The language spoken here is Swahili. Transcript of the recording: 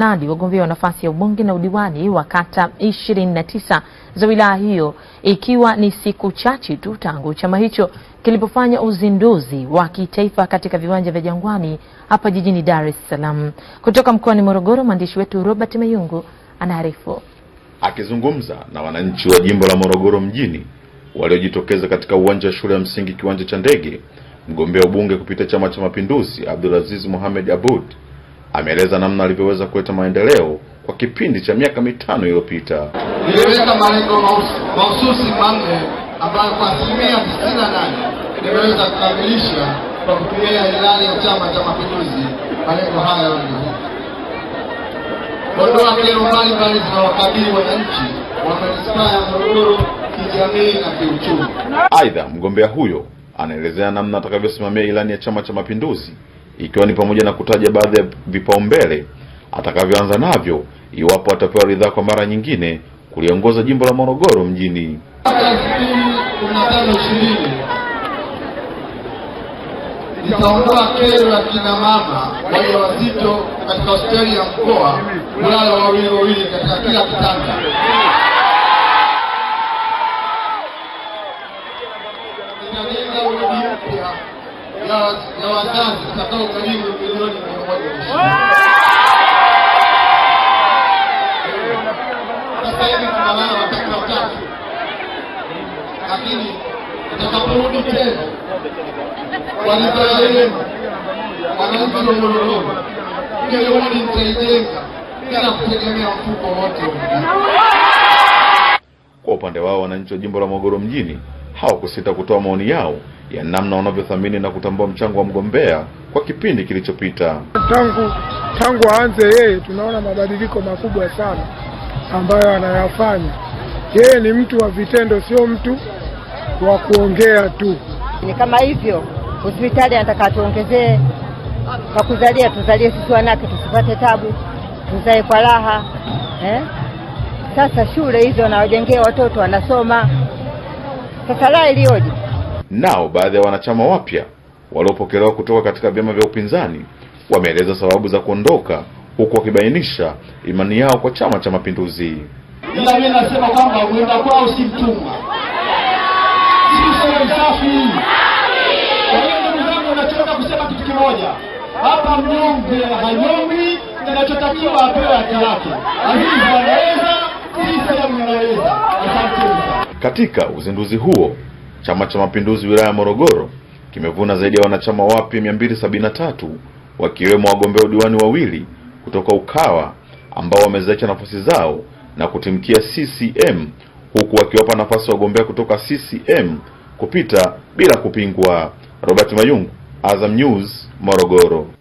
nadi wagombea wa nafasi ya ubunge na udiwani wa kata 29 za wilaya hiyo, ikiwa ni siku chache tu tangu chama hicho kilipofanya uzinduzi wa kitaifa katika viwanja vya Jangwani hapa jijini Dar es Salaam. Kutoka mkoani Morogoro, mwandishi wetu Robert Mayungu anaarifu. Akizungumza na wananchi wa jimbo la Morogoro mjini waliojitokeza katika uwanja wa shule ya msingi Kiwanja cha Ndege, mgombea ubunge kupitia Chama cha Mapinduzi Abdulaziz Mohamed abud Ameeleza namna alivyoweza kuleta maendeleo kwa kipindi cha miaka mitano iliyopita. Nimeweka malengo mahususi manne ambayo kwa asilimia tisini na nane nimeweza kukamilisha kwa kutumia ilani ya Chama cha Mapinduzi. Malengo hayo ni kuondoa kero mbalimbali zinawakabili wananchi wa manispaa ya Morogoro kijamii na kiuchumi. Aidha, mgombea huyo anaelezea namna atakavyosimamia ilani ya Chama cha Mapinduzi ikiwa ni pamoja na kutaja baadhi ya vipaumbele atakavyoanza navyo iwapo atapewa ridhaa kwa mara nyingine kuliongoza jimbo la Morogoro mjini. Nitaondoa kero ya kina mama wajawazito katika hospitali ya mkoa kulala wawili wawili katika kila kitanda. na wazazi utakao karibu milioni mia moja sasa hivi tunalala watoto watatu, lakini tutakaporudi tena kwa ridhaa yenu, wananchi wa Morogoro, milioni mtaijenga bila kutegemea mfuko wote. Kwa upande wao wananchi wa jimbo la Morogoro mjini hawakusita kutoa maoni yao ya namna wanavyothamini na kutambua mchango wa mgombea kwa kipindi kilichopita. Tangu tangu aanze yeye, tunaona mabadiliko makubwa sana ambayo anayafanya. Yeye ni mtu wa vitendo, sio mtu wa kuongea tu. Ni kama hivyo, hospitali anataka tuongezee kwa kuzalia, tuzalie sisi wanake, tusipate tabu, tuzae kwa raha eh? Sasa shule hizo anawajengea watoto wanasoma, sasa raha iliyoje! Nao baadhi ya wanachama wapya waliopokelewa kutoka katika vyama vya upinzani wameeleza sababu za kuondoka, huku wakibainisha imani yao kwa Chama cha Mapinduzi. Ila mimi nasema kwamba uenda kwao si mtumwa, sisi safi. Kwa hiyo ndugu zangu, nachoka kusema kitu kimoja hapa, mnyonge hanyongwi, anachotakiwa apewe haki yake. Lakini anaweza sisi, mnaweza. Asante. Katika uzinduzi huo Chama cha Mapinduzi wilaya ya Morogoro kimevuna zaidi ya wanachama wapya tatu wakiwemo wagombea udiwani wawili kutoka Ukawa ambao wameziacha nafasi zao na kutimkia CCM huku wakiwapa nafasi wagombea kutoka CCM kupita bila kupingwa. Robert Mayungu, Azam News, Morogoro.